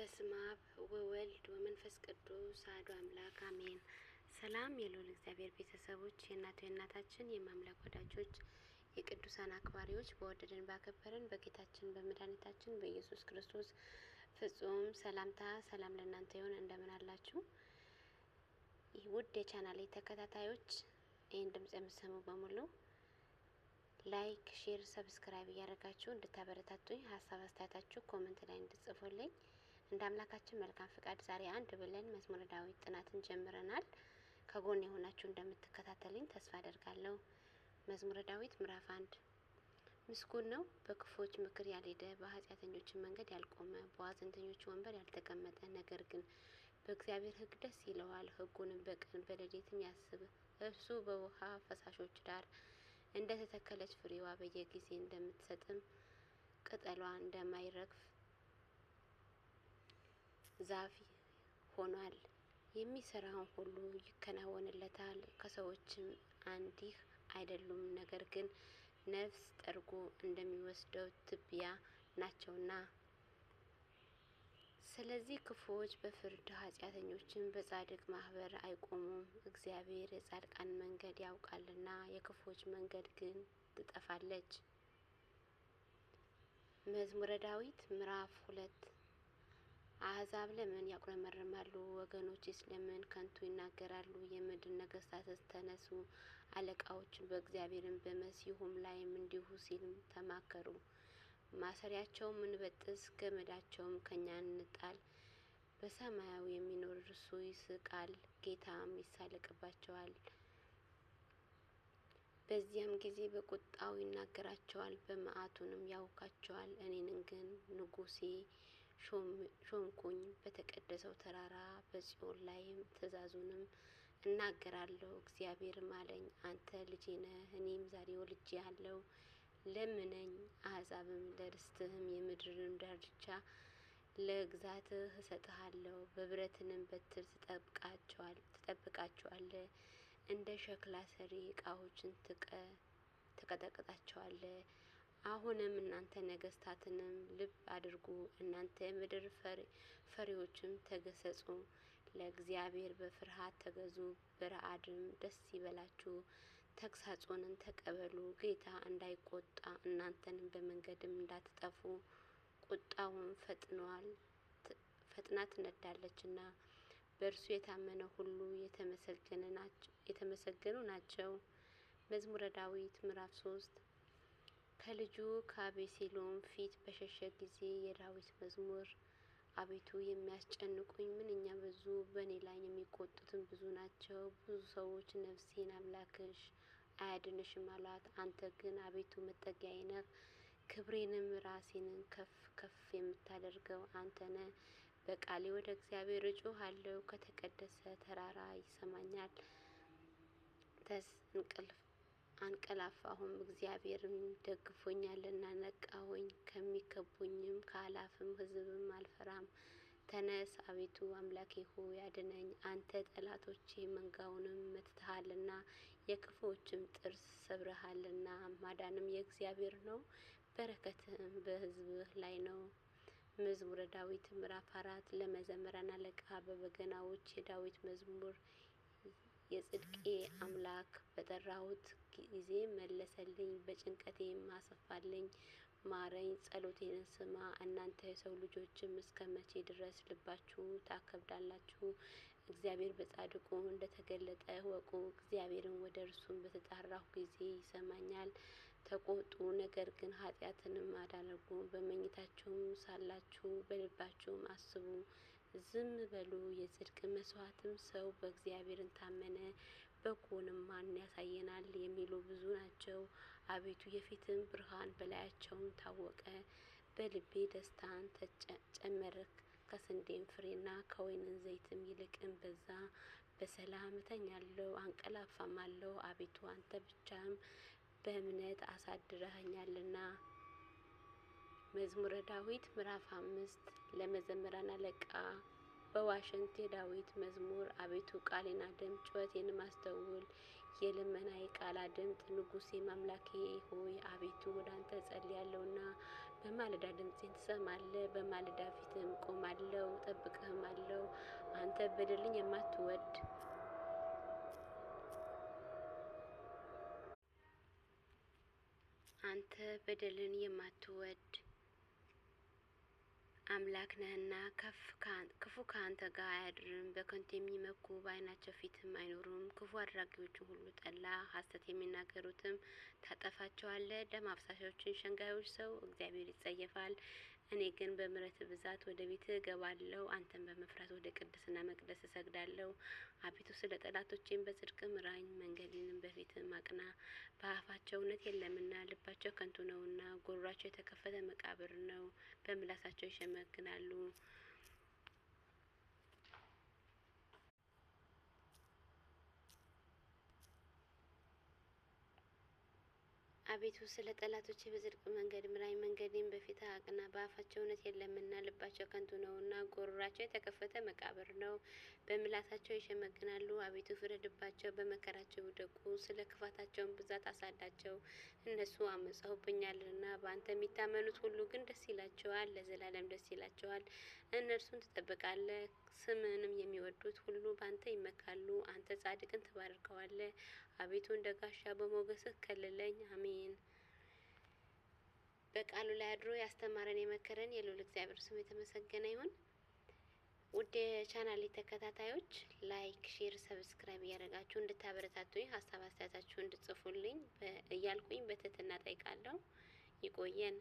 በስመ አብ ወወልድ ወመንፈስ ቅዱስ አሐዱ አምላክ አሜን። ሰላም የልዑል እግዚአብሔር ቤተሰቦች፣ የእናቱ የእናታችን የማምላክ ወዳጆች፣ የቅዱሳን አክባሪዎች በወደደን ባከበረን በጌታችን በመድኃኒታችን በኢየሱስ ክርስቶስ ፍጹም ሰላምታ ሰላም ለእናንተ ይሁን። እንደምን አላችሁ? ውድ የቻናሌ ተከታታዮች ይህን ድምጽ የምሰሙ በሙሉ ላይክ፣ ሼር፣ ሰብስክራይብ እያደረጋችሁ እንድታበረታቱኝ ሀሳብ አስተያየታችሁ ኮመንት ላይ እንድጽፉልኝ እንደ አምላካችን መልካም ፍቃድ ዛሬ አንድ ብለን መዝሙረ ዳዊት ጥናትን ጀምረናል። ከጎን የሆናችሁ እንደምትከታተልኝ ተስፋ አደርጋለሁ። መዝሙረ ዳዊት ምዕራፍ አንድ ምስጉን ነው በክፎች ምክር ያልሄደ በኃጢአተኞችን መንገድ ያልቆመ በዋዘንተኞች ወንበር ያልተቀመጠ፣ ነገር ግን በእግዚአብሔር ሕግ ደስ ይለዋል፣ ሕጉንም በቀን በሌሊትም ያስብ። እርሱ በውሃ ፈሳሾች ዳር እንደ ተተከለች ፍሬዋ በየጊዜ እንደምትሰጥም ቅጠሏ እንደማይረግፍ ዛፍ ሆኗል። የሚሰራውን ሁሉ ይከናወንለታል። ከሰዎችም አንዲህ አይደሉም፣ ነገር ግን ነፍስ ጠርጎ እንደሚወስደው ትቢያ ናቸውና። ስለዚህ ክፉዎች በፍርድ ኃጢአተኞችን በጻድቅ ማህበር አይቆሙም። እግዚአብሔር የጻድቃን መንገድ ያውቃልና የክፉዎች መንገድ ግን ትጠፋለች። መዝሙረ ዳዊት ምዕራፍ ሁለት አህዛብ ለምን ያቁረመርማሉ? ወገኖችስ ለምን ከንቱ ይናገራሉ? የምድር ነገስታትስ ተነሱ፣ አለቃዎችን በእግዚአብሔርም በመሲሁም ላይም እንዲሁ ሲልም ተማከሩ። ማሰሪያቸውም እንበጥስ፣ ገመዳቸውም ከኛ እንጣል። በሰማያዊ የሚኖር እርሱ ይስቃል፣ ጌታም ይሳለቅባቸዋል። በዚያም ጊዜ በቁጣው ይናገራቸዋል፣ በመዓቱንም ያውካቸዋል። እኔን ግን ንጉሴ ሾምኩኝ። በተቀደሰው ተራራ በጽዮን ላይም ትእዛዙንም እናገራለሁ። እግዚአብሔርም አለኝ፣ አንተ ልጄ ነህ፣ እኔም ዛሬ ወልጄ አለው። ለምነኝ፣ አሕዛብም ለርስትህም የምድርንም ዳርቻ ለግዛትህ እሰጥሃለሁ። በብረትንም በትር ትጠብቃቸዋለህ፣ እንደ ሸክላ ሰሪ ዕቃዎችን ትቀጠቅጣቸዋለህ። አሁንም እናንተ ነገስታትንም ልብ አድርጉ፣ እናንተ የምድር ፈሪዎችም ተገሰጹ፣ ለእግዚአብሔር በፍርሃት ተገዙ፣ በረአድም ደስ ይበላችሁ፣ ተግሳጹንም ተቀበሉ፣ ጌታ እንዳይቆጣ እናንተንም በመንገድም እንዳትጠፉ። ቁጣውን ፈጥኗል ፈጥና ትነዳለችና፣ በእርሱ የታመነ ሁሉ የተመሰገኑ ናቸው። መዝሙረ ዳዊት ምዕራፍ ሶስት ከልጁ ከአቤሴሎም ፊት በሸሸ ጊዜ የዳዊት መዝሙር። አቤቱ የሚያስጨንቁኝ ምንኛ ብዙ፣ በእኔ ላይ የሚቆጡትን ብዙ ናቸው። ብዙ ሰዎች ነፍሴን አምላክሽ አያድንሽም አሏት። አንተ ግን አቤቱ መጠጊያዬ ነህ፣ ክብሬንም ራሴንን ከፍ ከፍ የምታደርገው አንተ ነህ። በቃሌ ወደ እግዚአብሔር እጮሃለሁ፣ ከተቀደሰ ተራራ ይሰማኛል። ተስ እንቅልፍ አንቀላፋሁም፣ እግዚአብሔርም ደግፎኛልና ነቃሆኝ። ከሚከቡኝም ከአላፍም ሕዝብም አልፈራም። ተነስ አቤቱ አምላኬ ሆይ አድነኝ። አንተ ጠላቶቼ መንጋውንም መትተሃልና የክፉዎችም ጥርስ ሰብረሃልና። ማዳንም የእግዚአብሔር ነው፣ በረከትም በሕዝብህ ላይ ነው። መዝሙረ ዳዊት ምዕራፍ አራት ለመዘምራን አለቃ በበገናዎች የዳዊት መዝሙር የጽድቄ አምላክ በጠራሁት ጊዜ መለሰልኝ፣ በጭንቀቴም አሰፋልኝ። ማረኝ፣ ጸሎቴን ስማ። እናንተ የሰው ልጆችም እስከ መቼ ድረስ ልባችሁ ታከብዳላችሁ? እግዚአብሔር በጻድቁ እንደተገለጠ እወቁ። እግዚአብሔርን ወደ እርሱም በተጣራሁ ጊዜ ይሰማኛል። ተቆጡ፣ ነገር ግን ኃጢአትንም አዳርጉ። በመኝታችሁም ሳላችሁ በልባችሁም አስቡ። ዝም በሉ። የጽድቅ መስዋዕትም ሰው በእግዚአብሔር ታመነ በጎንም ማን ያሳየናል የሚሉ ብዙ ናቸው። አቤቱ የፊትን ብርሃን በላያቸውም ታወቀ። በልቤ ደስታን ጨመረ ከስንዴም ፍሬና ከወይንን ዘይትም ይልቅን በዛ። በሰላም እተኛለሁ አንቀላፋም አቤቱ አንተ ብቻም በእምነት አሳድረኸኛልና። መዝሙረ ዳዊት ምዕራፍ አምስት ለመዘምራን አለቃ በዋሽንቴ የዳዊት መዝሙር አቤቱ ቃሌን አድምጥ፣ ጩኸቴን ማስተውል የልመናዬ ቃል አድምጥ፣ ንጉሴ አምላኬ ሆይ አቤቱ ወደ አንተ ጸልያለሁና። በማለዳ ድምፄን ትሰማለህ፣ በማለዳ ፊትህም ቆማለሁ፣ ጠብቅህም አለው። አንተ በደልን የማትወድ አንተ በደልን የማትወድ አምላክ ነህና ክፉ ከአንተ ጋር አያድርም። በከንቱ የሚመኩ በአይናቸው ፊትም አይኖሩም። ክፉ አድራጊዎችን ሁሉ ጠላ፣ ሐሰት የሚናገሩትም ታጠፋቸዋለ። ደም አፍሳሾችን ሸንጋዮች ሰው እግዚአብሔር ይጸየፋል። እኔ ግን በምረት ብዛት ወደ ቤት እገባለሁ፣ አንተን በመፍራት ወደ ቅድስና መቅደስ እሰግዳለሁ። አቤቱ ስለ ጠላቶቼም በጽድቅ ምራኝ፣ መንገዴንም በፊት ማቅና። በአፋቸው እውነት የለምና ልባቸው ከንቱ ነውና፣ ጉሮሯቸው የተከፈተ መቃብር ነው፣ በምላሳቸው ይሸመግናሉ። አቤቱ ስለ ጠላቶች በጽድቅ መንገድ ምራኝ፣ መንገዴን በፊት አቅና። በአፋቸው እውነት የለምና ልባቸው ከንቱ ነውና፣ ጎሮራቸው የተከፈተ መቃብር ነው፣ በምላሳቸው ይሸመግናሉ። አቤቱ ፍረድባቸው፣ በመከራቸው ይውደቁ። ስለ ክፋታቸውን ብዛት አሳዳቸው። እነሱ እና በአንተ የሚታመኑት ሁሉ ግን ደስ ይላቸዋል፣ ለዘላለም ደስ ይላቸዋል። እነርሱን ትጠብቃለህ፣ ስምንም የሚወዱት ሁሉ በአንተ ይመካሉ። አንተ ጻድቅን ትባርከዋለህ አቤቱ እንደ ጋሻ በሞገስህ ከልለኝ። አሜን። በቃሉ ላይ አድሮ ያስተማረን የመከረን የልዑል እግዚአብሔር ስም የተመሰገነ ይሁን። ውድ የቻናል ተከታታዮች ላይክ፣ ሼር፣ ሰብስክራይብ እያደረጋችሁ እንድታበረታቱኝ ሀሳብ አስተያየታችሁ እንድጽፉልኝ እያልኩኝ በትህትና ጠይቃለሁ። ይቆየን።